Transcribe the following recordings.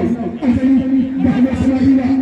الناس أجلي نحن أسمائنا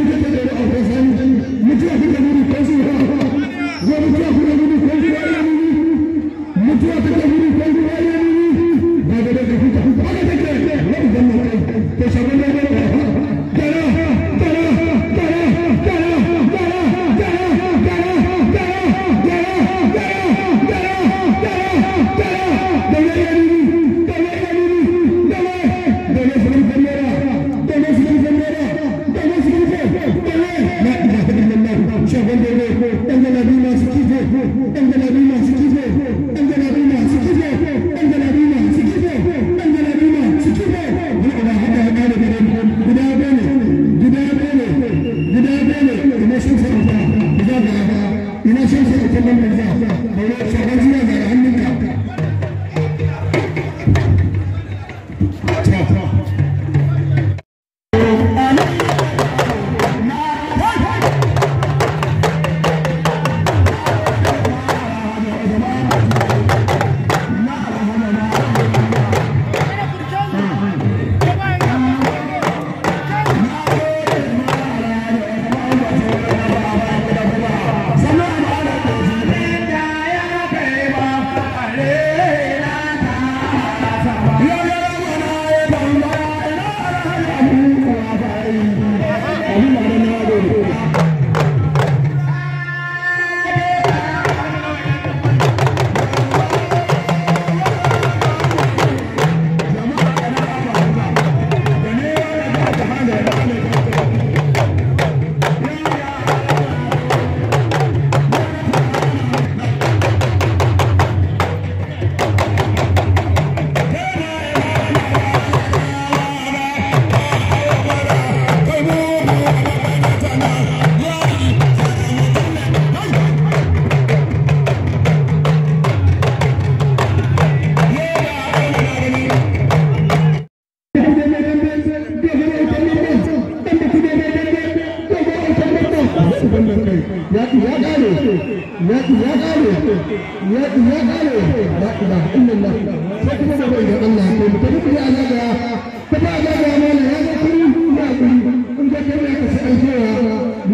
Thank you.